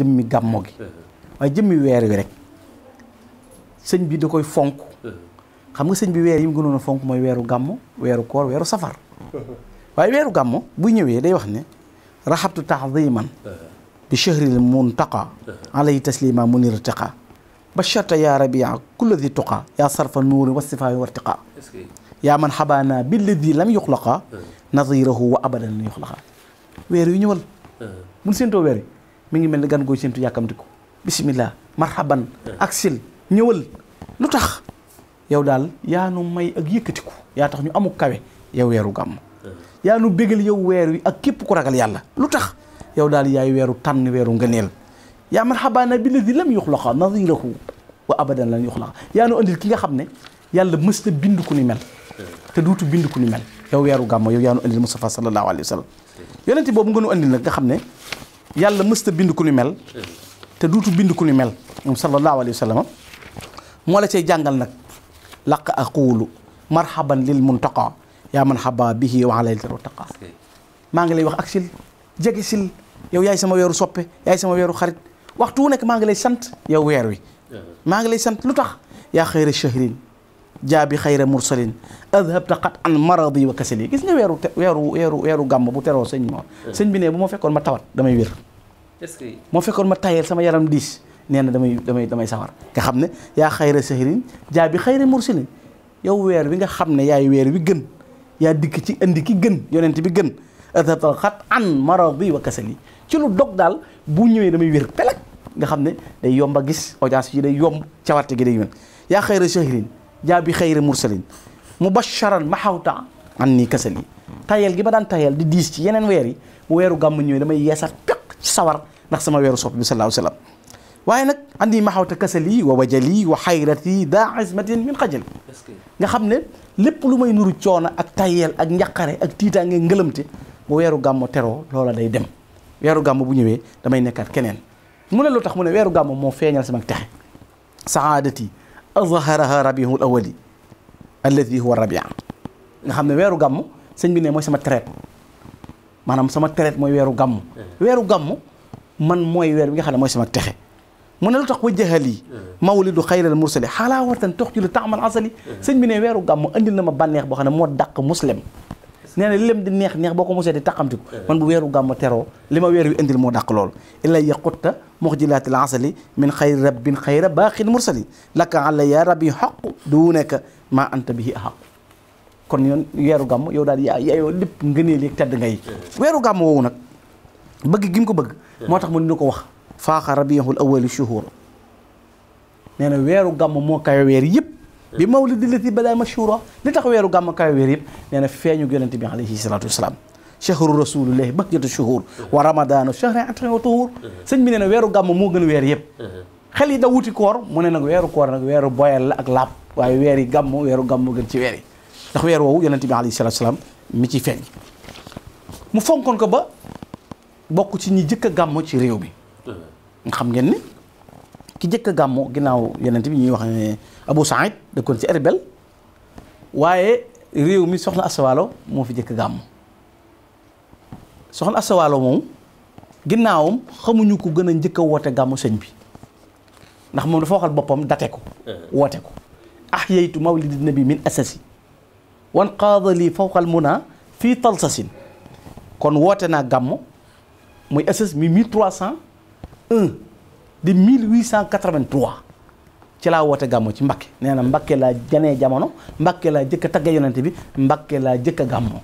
jëmmi gàmmo gi waaye jëmmi weer wi rek sëñ bi da koy fonk xam nga sëñ bi weer yi mu gënoon fonk mooy weeru gàmmo weeru koor weeru safar waaye weeru gàmmo bu ñëwee day wax ne raxabtu taadiman bi chahril muntaqa alay taslima munir taqa basharta yaa rabia kulla di tuqa yaa sarfa nuuri wa sifaayi wartiqa yaa man xabaana billadi lam yuxlaqa nadirahu wa abadan lam yuxlaqa weer yu ñëwal mun seentoo weer mi ngi mel ni gan gooy séntu yàkkamti ko bisimilah marhaban ak sil ñëwal lu tax yow daal yaa nu may ak yëkkatiku yaa tax ñu amuk kawe yow weeru gàmm yaa nu bégal yow weer wi ak képp ku ragal yàlla lu tax yow daal yaay weeru tànn weeru ngëneel yaa marhabaana bi ladi lam yuxlaqa nadirahu wa abadan lan yuxlaqa yaa nu andil ki nga xam ne yàlla mës na bind ku ni mel te duutu bind ku ni mel yow weeru gàmm yow yaa nu andil Mustafa sallallahu alayhi wa sallam yonente boobu nga nu andil nga xam ne yàlla mësta bind ku ni mel te duutu bind ku ni mel moom sallallahu wa sallam moo la cay jàngal nag laq aquulu marhaban lil muntaqa yaa man haba bihi wa alayhi taqa maa ngi lay wax ak sil jege yow yaay sama weeru soppe yaay sama weeru xarit waxtu wu nekk maa ngi lay sant yow weer wi uh-huh. maa ngi lay sant lu tax yaa xayra shahrin jaabi xayra mursalin adhabta qat an maradi wa kasali gis nga weeru weeru weeru weeru gàmm bu teroo sëñ moo uh-huh. sëñ bi ne bu ma fekkoon ma tawat damay wér est-ce que moo fekkoon ma tayel sama yaram diis nee na damay damay damay sawar nga xam ne yaa xayra sahirin jaa bi xayra mursilin yow weer wi nga xam ne yaay weer wi gën yaa dikk ci indi ki gën yonent bi gën atatal xat an maradi wa kasali ci lu dog daal bu ñëwee damay wér nga xam ne day yomb a gis audience yi day yomb cawarte gi day yomb yaa xayra sahirin jaa bi xayra mursalin mubasharan maxawta an nii kasali tayel gi ma daan tayel di diis ci yeneen weer yi weeru gàmm ñëwee damay yeesal peq sawar ndax sama weeru sopp bi sallallahu alayhi wa waaye nag andi ma xawta kasali wa wajali wa xayrati daa ismatin min xajal nga xam ne lépp lu may nuru coono ak tayel ak njaqare ak tiitaange ngëlëmte bu weeru gàmmo teroo loola day dem weeru gàmm bu ñëwee damay nekkaat keneen mu ne lu tax mu ne weeru gàmm moo feeñal sama texe saadati azharaha rabiul awali alladi huwa rabia nga xam ne weeru gàmm sëñ bi ne mooy sama traite maanaam sama traite mooy weeru gàmm weeru gàmm man mooy weer bi nga xam ne mooy sama texe mu na lu tax wa jaxal yi mawlidu xayral mursali xaalaa wartan tox ci lu taamal asali sëñ bi ne weeru gàmm andil na ma bànneex boo xam ne moo dàq muslem nee na lem di neex neex boo ko mosee di taxamtiku man bu weeru gàmm teroo li ma weer wi indil moo dàq loolu illay yaqutta muxjilaatil asali min xayri rabbin xayra baaxin mursali laka ala ya rabbi xaq du nekk maa anta bihi axaqu kon yoon weeru gàmm yow daal yaa yaayoo lépp ngëneel yeeg tedd ngay weeru gàmm woowu nag bëgg gi ko bëgg moo tax mu ni ko wax faaxa rabiihul awwali shuhur nee na weeru gàmm moo weer yëpp bi mawlidi lati badaa mashhuura li tax weeru gàmm kayo weer yëpp nee na feeñu yonente bi alayhi salaatu wasalaam chahru rasulillahi bahjatu shuhur wa ramadaanu chahri atin wa tuhur sëñ bi nee na weeru gàmm moo gën weer yëpp xel yi da wuti koor mu ne nag weeru koor nag weeru boyal la ak laab waaye weeri yi gàmm moo gën ci weer yi ndax weer woowu yonent bi alayhi salaam mi ci feeñ mu fonkoon ko ba bokk ci ñi jëkk a gàmmo ci réew mi nga xam ngeen ni ki jëkk a gàmmo ginnaaw yonent bi ñuy wax ne Abu Saïd dëkkoon ci Erbel waaye réew mi soxna Asawaalo moo fi jëkk a gàmmo soxna Asawaalo moom ginnaawam xamuñu ko gën a njëkk a woote gàmmu sëñ bi ndax moom dafa waxal boppam date ko eh. woote ko ahyaytu mawlidi nabi min asasi wan qaadali fawqal muna fii talsasin kon woote naa gàmmu muy ss mi 1301 de 1883 ci laa woote gàmmu ci Mbakke nee na Mbakke laa janee jamono Mbakke laa jëkk a tagge yonente bi Mbakke laa jëkk a gàmmu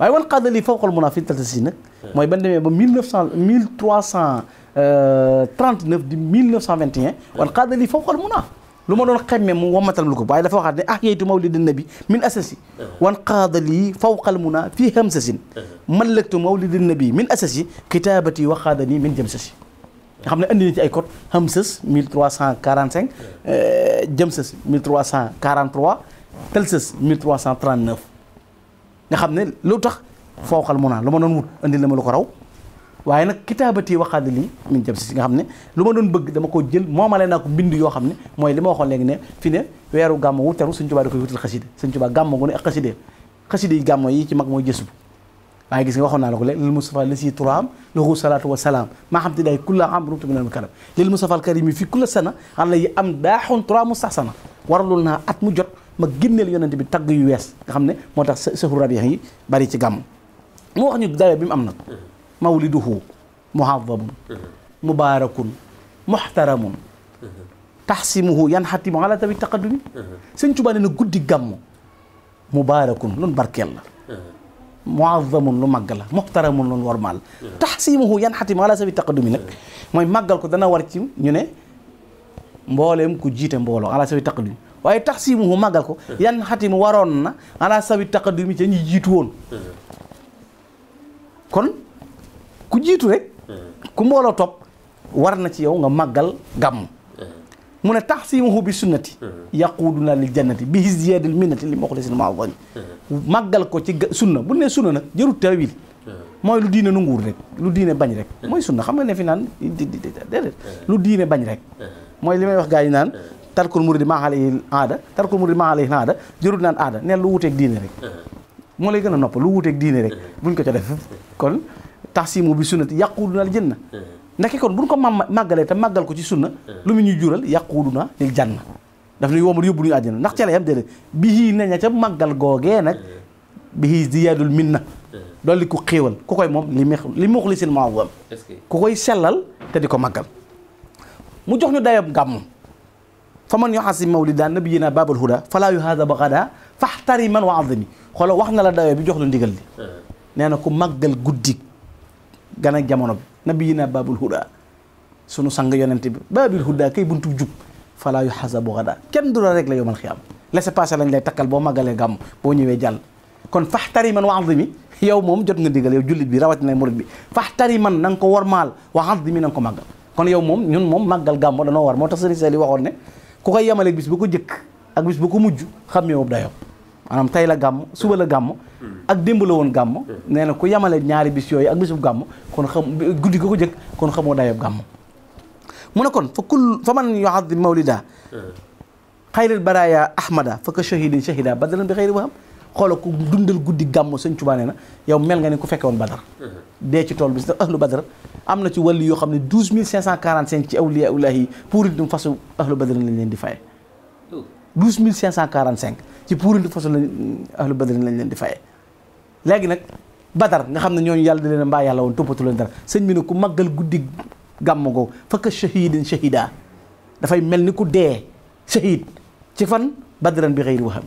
waaye wan qaadali fawqal muna fii talsasin nag mooy ban demee ba 1900 1339 euh, di 1921 wan qaadali fawqal muna lu ma doon xemmee mu wammatal lu ko waaye dafa waxaat ne ah yeytu mawlida nabi min asasi uh-huh. wan qaada lii fawqal muna fii hamsasin uh-huh. mallaktu mawlida nabi min asasi kitaabati wa qaada nii min jamsasi nga xam ne andi na ci ay code hamsas 1345 eh, jamsas 1343 telsas 1339 nga xam ne lu tax fawqal muna lu ma doon wut andi na ma lu ko raw waaye nag kitaabati waxaadi lii min jëm si nga xam ne lu ma doon bëgg dama koo jël moo naa ko bind yoo xam ne mooy li ma waxoon léegi ne fi ne weeru gàmmo wu teru Sëñ Tuubaa da koy wutal xaside Sëñ Tuubaa gàmmo gu ne ak xaside xaside yi gàmmo yi ci mag mooy jësbu waaye gis nga waxoon naa la ko léegi lil Mustafa li si turaam lahu salaatu wa salaam maa xam te day am rumtu minal karam lil Mustafa al karim yi mu naa at mu jot ma génneel yonente bi tagg yu wees nga xam ne moo tax sahur rabiix yi bari ci gàmm moo wax ñu dawe bi mu am nag mawliduhu muhadamun mubaarakun muxtaramun taxsimuhu yan xatimu ala tabi taqaddumi sëñ Tuubaa nee na guddi gàmm mubaarakun lun barkeel la muazzamun lu màgg la muxtaramun lun warmaal taxsimuhu yan xatimu ala tabi taqaddumi nag mooy màggal ko dana war ci ñu ne mbooleem ku jiite mbooloo ala tabi taqaddumi waaye taxsimuhu màggal ko yan xatimu waroon na ala tabi taqaddumi ca ñu jiitu woon ku jiitu rek ku mbooloo topp war na ci yow nga màggal gàmm mu ne tax simahu bi sunnati yaquduna li jannati bi hisdiyadil minnati li moxlisin maazani màggal ko ci sunna bu ne sunna nag jërul tawil mooy lu diine nanguwul rek lu diine bañ rek mooy sunna xam nga ne naan lu diine bañ rek mooy li may wax gaa yi naan tarkul muridi maa alayhi aada tarkul muridi maa alayhi aada jërut naan aada neen lu wuteeg diine rek moo lay gën a nopp lu wuteeg diine rek buñ ko ca def kon taxsimu bi sunnati yàquwudunal jënna eh. ndaki kon buñ ko ma màggalee te màggal ko ci sunna eh. lu mu ñuy jural yàquwuduna lil janna daf nuy woomal yóbbu nuñu àjjana ndax ca la yam déedéet bihii naña ca màggal googee nag eh. bihii ziyaadul minna dool li ku xéewal ku koy moom li li muxlisin maawam ku koy sellal te di ko màggal mu jox ñu dayab gàmm fa man yoxasi mawlida nabiyina babal huda falaa naa ba xada faxtariman wa azimi xoola wax na la dayo bi jox lu ndigal li nee na ku màggal guddi gan ak jamono bi nabiyina baabul huda sunu sang yonente bi baabul huda kay buntub jub falaa yu xasabu gada kenn du la rek la yowmal xiyaam laissez passer lañ lay takkal boo maggalee gàmm boo ñëwee jàll kon faxtari man wa azimi yow moom jot nga digal yow jullit bi rawatina murid bi faxtari man na nga ko warmaal wa azimi na nga ko màggal kon yow moom ñun moom maggal gàmm danoo war moo tax sëriñ Sali waxoon ne ku koy yemaleeg bis bu ko jëkk ak bis bu ko mujj xam yow dayoo maanaam tey la gàmm suba la gàmm ak démb la woon gàmm hmm. nee na ku yamale ñaari bis yooyu ak bisub gàmm kon xam guddi ga ko jëkk kon xamoo dayob gàmm mu a kon fa kull fa man yuadim mawlida xayril baraya ahmada fa ka shahidin shahida badalan bi xayri waham xoola ku dundal guddi gàmm sëñ Tuubaa nee na yow mel nga ni ku fekke woon badar hmm. dee ci tool bi sax ahlu badar am na ci wàllu yoo xam ne 12545 ci awliya ulaahi puuritum fasu ahlu leen di faye 12545 ci puuritum fasu lañ ahlu badar lañ leen di faye hmm. léegi nag badar nga xam ne ñooñu yàlla da leen mbaa yàlla woon toppatu leen dara sëñ bi ne ku màggal guddi gàmm googu fakka shahidin shahida dafay mel ni ku dee shahid ci fan badran bi xëyri waxam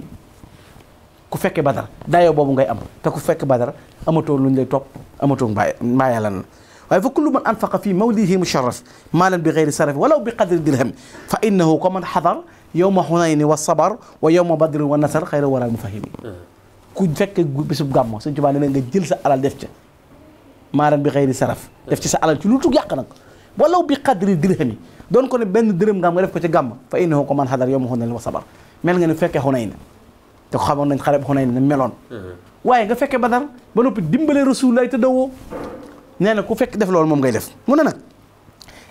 ku fekke badar daayoo boobu ngay am te ku fekk badar amatoo luñ lay topp amatoo mbaa mbaa yàlla na waaye fa kullu man anfaqa fi mawlidihi musharraf maalan bi xeyri saraf walaw bi qadri dirham fa innahu ko man xadar yowma xunayni wa sabar wa yowma badri wa nasar xayra wala mufahimi ku fekke bisub gàmmo sëñ Tuubaa nee na nga jël sa alal def ca maaram bi xëyri saraf def ci sa alal ci lu tug yàq nag walaw bi xadri dirhami doon ko ne benn dërëm nga am nga def ko ca gàmm fa innahu ko man xadar yow ma xonal wa sabar mel nga ne fekkee Xunayn te xamoon nañ xare Xunayn ne meloon mm-hmm. waaye nga fekkee Badar ba noppi dimbale Rasulullaay te nee na ku fekk def loolu moom ngay def mu ne nag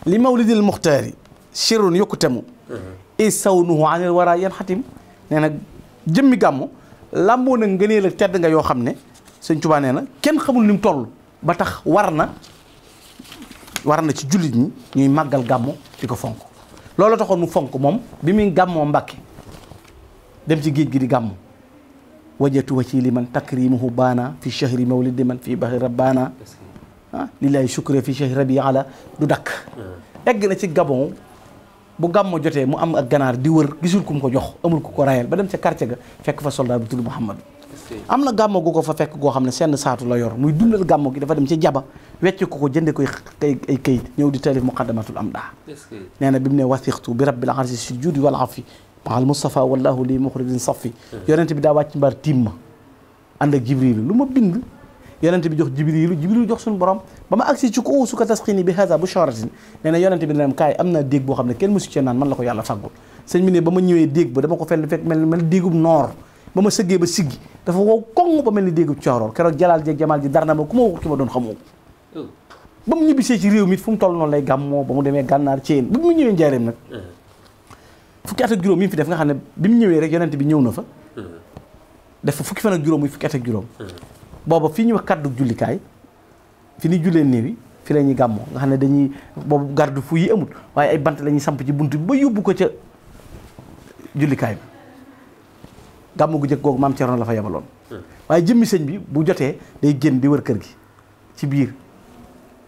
li mawlidil muxtaari sirrun yokkutemu mm-hmm. i sawnuhu anil wara yan xatim nee na jëmmi gàmmu làmboo nag ngëneel ak tedd nga yoo xam ne sëñ Tuubaa na kenn xamul ni mu toll ba tax war na war na ci jullit ñi ñuy màggal gàmmu di ko fonk loolu taxoon mu fonk moom bi muy gàmmoo Mbàkke dem ci géej gi di gàmmu wajatu wa ci li man takrimuhu baana fi chahri mawlidi man fii baxi rabbaana ah lillaahi shukra fi chahri rabi ala du dakk hmm. egg na ci gabon bu gàmmo jotee mu am ak ganaar di wër gisul kum ko jox amul ko ko rayal ba dem ca quartier ga fekk fa soldat bu tudd Mouhamad am na gàmmo gu ko fa fekk goo xam ne seen saatu la yor muy dundal gàmmo gi dafa dem ci jaba wecc ko ko jënde koy ay kayit ñëw di taalif muqaddamatul am daa nee na bi mu ne wasiqtu bi rabbil arsi sujudi wal afi maal Moustapha wallahu li muxrijin safi eh. yonent bi daa wàcc mbaar tiim ma ànd ak Jibril lu ma bind yonente bi jox jibrilu jibrilu jox suñu borom ba ma agsi ci ko suka bi hasa bu sharatin nee na yonente bi ne kaay am naa déeg boo xam ne kenn mosu cee naan man la ko yàlla fàggul sëñ bi ne ba ma ñëwee déeg ba dama ko fenn fekk mel mel déegub noor ba ma ba siggi dafa wow koŋ ba mel ni déegub cooroor keroog jalaal jeeg jamaal ji darna ma ku ma waxul ki ma doon xamoo oh. ba mu ñibbisee ci réew mi fu mu toll noonu lay gàmmoo ba mu demee gànnaar ceen ba mu ñëwee njaareem nag eh. fukki at ak juróom yi fi def nga xam ne bi mu ñëwee rek yonente bi ñëw na fa eh. def fa fukki fan ak juróom muy fukki at ak juróom eh. booba fii ñuy wax kaddu jullikaay fi ni jullee néew yi fi la ñuy gàmmoo nga xam ne dañuy boobu garde fu yi amul waaye ay bant lañuy samp ci bunt bi ba yóbbu ko ca jullikaay bi gàmmu gu jëkk googu maam Cerno la fa yebaloon waaye jëmmi sëñ bi bu jotee day génn di wër kër gi ci biir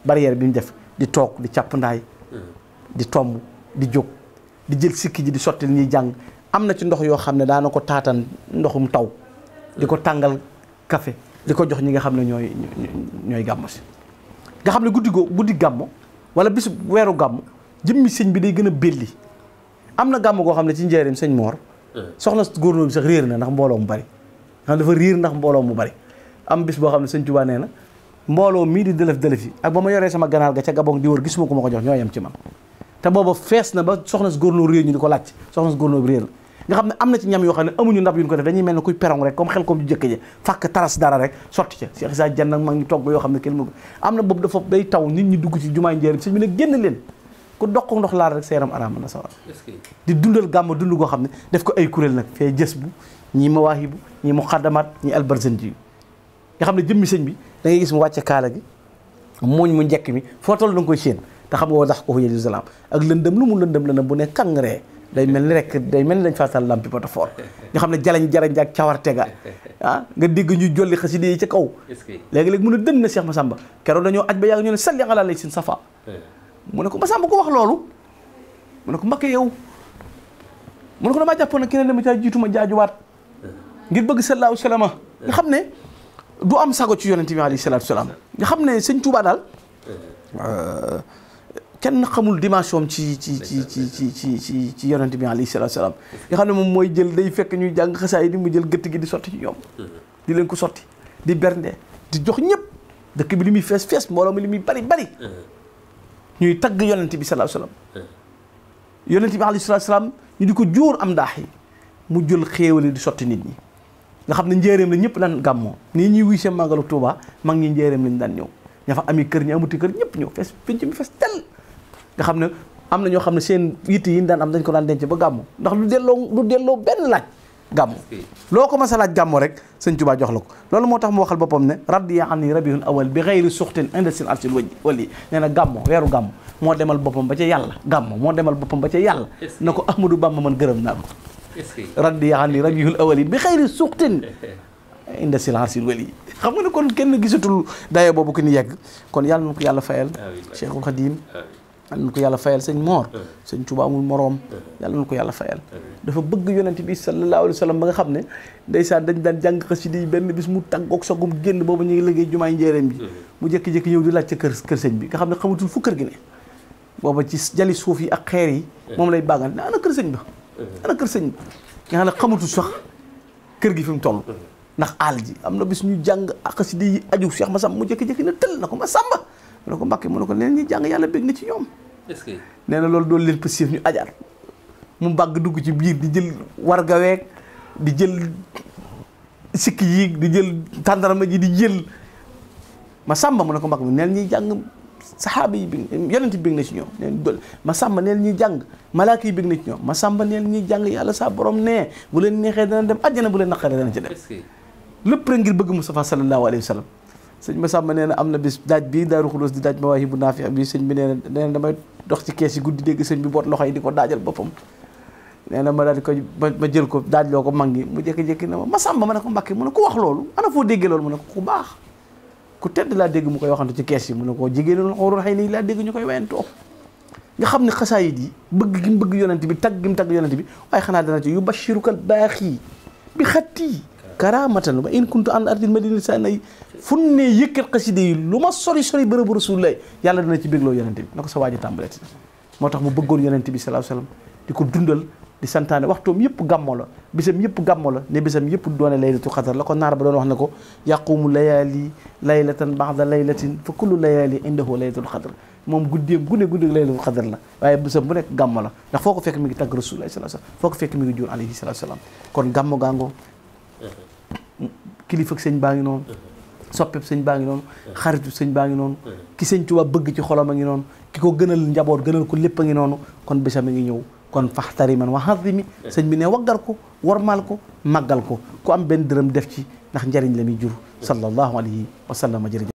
barrière bi mu def di toog di càpp ndaay di tomb di jóg di jël sikki ji di sotti li ñuy jàng am na ci ndox yoo xam ne daana ko taatan ndoxum taw di ko tàngal kafe di ko jox ñi nga xam ne ñooy ñooy gàmmu si nga xam ne guddi goo guddi gàmm wala bisu weeru gàmmu jëmmi sëñ bi day gën a belli am na gàmm goo xam ne ci njëriñ sëñ Moor eh. soxna góornóor bi sax réer na ndax mbooloo mu bari xam dafa réer ndax mbooloo mu bari am bis boo xam ne sëñ Tuubaa nee na mbooloo mii di dëlëf dëlëf yi ak ba ma yoree sama ganaar ga ca gabong di wër gisuma ko ma ko jox ñoo yem ci man te booba fees na ba soxna si góornóor réer ñu di ko laaj soxna si góornóor bi réer nga xam ne am na ci ñam yoo xam ne amuñu ndab yu ñu ko def dañuy mel ne kuy perong rek comme xel comme ju jëkk ja fàkk taras dara rek sotti ca Cheikh Issa Dieng nag maa ngi togg yoo xam ne kenn mu na boobu dafa day taw nit ñi dugg ci jumaay njëriñ sëñ ne génn leen goo xam ne def ko ay kuréel nag fee jës bu ñii mawaahibu ñii muqaddamat ñii albarzanji yu nga xam ne jëmmi sëñ bi da ngay gis mu wàcce kaala gi mooñ mu njekk mi foo toll da koy seen te xam nga woo dax ko oh, yéju salaam ak lëndëm lu mu lëndëm lëndëm bu ne kàngree day mel ni rek day mel ni dañ faa taal lampi ba tafoor nga xam ne jalañ jalañ ak cawarte ga ah nga dégg ñu jolli xaside yi ca kaw léegi-léegi mun a dën na Cheikh Massamba keroog dañoo aj ba yàgg ñu ne salli ala lay sin safa mu ne ko Massamba ko wax loolu mu ne ko Mbakke yow mu ne ko damaa jàppoon ne keneen dama caa jiituma jaajuwaat ngir bëgg sallallahu salama nga xam ne du am sago ci yonente bi alayhi salaatu salaam nga xam ne sëñ Tuubaa daal euh, kenn xamul dimension ci ci ci ci ci ci ci ci yonent bi alayhi salaatu salaam nga xam ne moom mooy jël day fekk ñuy jàng xasaa yi di mu jël gëtt gi di sotti ci ñoom mm-hmm. di leen ko sotti di bernde di jox ñëpp dëkk bi li muy fees fees mbooloo mi li muy bari bari mm-hmm. ñuy tagg yonent bi salaatu salaam mm-hmm. yonent bi alayhi salaatu salaam ñu di ko jóor am ndaax yi mu jël xéewale di sotti nit ñi nga xam ne njéeréem la ñëpp daan gàmmoo nii ñuy wuy seen màggalu Tuuba mag ñi njéeréem ñu daan ñëw ña fa ami kër ñi amuti kër ñëpp ñëw fees penc mi nga xam ne am na ñoo xam ne seen yitt yi ñu daan am dañ ko daan denc ba gàmmu ndax lu delloo lu delloo benn laaj gàmmu loo ko ma a laaj gàmmu rek sëñ Tuubaa jox la ko loolu moo tax mu waxal boppam ne radiya anni rabihun awal bi xayri suxtin inda sin arsil waj na gàmmu weeru gàmmu moo demal boppam ba ca yàlla gàmmu moo demal boppam ba ca yàlla na ko Ahmadou Bamba man gërëm naa ko radiya anni rabihun awal bi xayri suxtin inda silence il yi xam nga ne kon kenn gisatul daye boobu ki ni yegg kon yàlla na ko yàlla fayal Cheikhul Khadim yàlla na ko yàlla fayal sëñ moor sëñ Tuuba amul moroom yàlla na ko yàlla fayal dafa bëgg yonent bi sallallahu alayhi wa sallam ba nga xam ne ndeysaan dañ daan jàng xasida yi benn bis mu tàggoog sagum génn boobu ñu ngi liggéey jumaay njéeréem bi mu jékki-jékki ñëw di laaj ca kër kër sëñ bi nga xam ne xamatul fu kër gi ne booba ci jali suuf yi ak xeer yi moom lay bàggal ne ana kër sëñ ba ana kër sëñ ba nga xam ne xamatul sax kër gi fi mu toll ndax àll ji am na bis ñu jàng xasida yi aju Cheikh Massamba mu jékki-jékki ne tël na ko Massamba mu ne ko Mbàkke mu ne ko neen ñi jàng yàlla bég na ci ñoom nee na loolu doolu leen passif ñu ajaat mu mbàgg dugg ci biir di jël wargaweeg di jël sikki yi di jël tàndarama ji di jël ma sàmba mu ne ko Mbàkke mu neel ñii jàng saxaaba yi bég yonent bi bég na ci ñoom neen dool ma sàmba neen ñuy jàng malaaka yi bég na ci ñoom ma sàmba neen ñuy jàng yàlla saa borom nee bu leen neexee dana dem àjjana bu leen naqaree dana ci dem lépp rek ngir bëgg Mustafa sallallahu alayhi wa sallam sëñ ma nee na am na bis daaj bii Daaru Xuloos di daaj Mawaahibu Naafi' bi sëñ bi nee na damay dox ci kees yi guddi dégg sëñ bi boot loxo yi di ko daajal boppam nee na ma daal di ko ma jël ko daaj loo ko mag mu jékki-jékki ne ma Massamba ma ne ko Mbàkke ko wax loolu ana foo déggee loolu mu ne ko ku baax ku tedd laa dégg mu koy waxantu ci kees yi mu ne ko jigéen xóorul xëy nii laa dégg ñu koy wayantoo nga xam ne xasaayit yi bëgg gi mu bëgg yonent bi tagg gi mu tagg bi waaye xanaa dana ci yu bashiruka baax yi bi xatti karaamatan ma in kuntu an ardil madina sa nay fun ne yëkkat xaside yi lu ma sori sori bërëbu rasulullah yàlla dana ci bégloo yonente bi na ko sa waaji tàmbaleti moo tax mu bëggoon yonente bi sallallahu alayhi wasallam di ko dundal di santaane waxtoom yëpp gàmmo la bisam yëpp gàmmo la ne bisam yëpp doone laylatul qadar la ko naar ba doon wax ne ko yaqumu layali laylatan ba'da laylatin fa kullu layali indahu laylatul qadar moom guddeem gune gudde laylatul qadar la waaye bu nekk gàmmo la ndax foo ko fekk mi ngi tàgg rasulullah sallallahu alayhi wasallam foo ko fekk mi ngi jur kon gàmmo gàngoo kilifa sëñ baa ngi noonu soppeb sëñ baa ngi noonu xaritu sëñ baa ngi noonu ki sëñ Tuubaa bëgg ci xolam a ngi noonu ki ko gënal njaboot gënal ko lépp a ngi noonu kon bésam a ngi ñëw kon faxtari man waxaati mi sëñ bi ne waggar ko warmaal ko màggal ko ku am benn dërëm def ci ndax njariñ la muy jur sallallahu alayhi wa sallam jërëjëf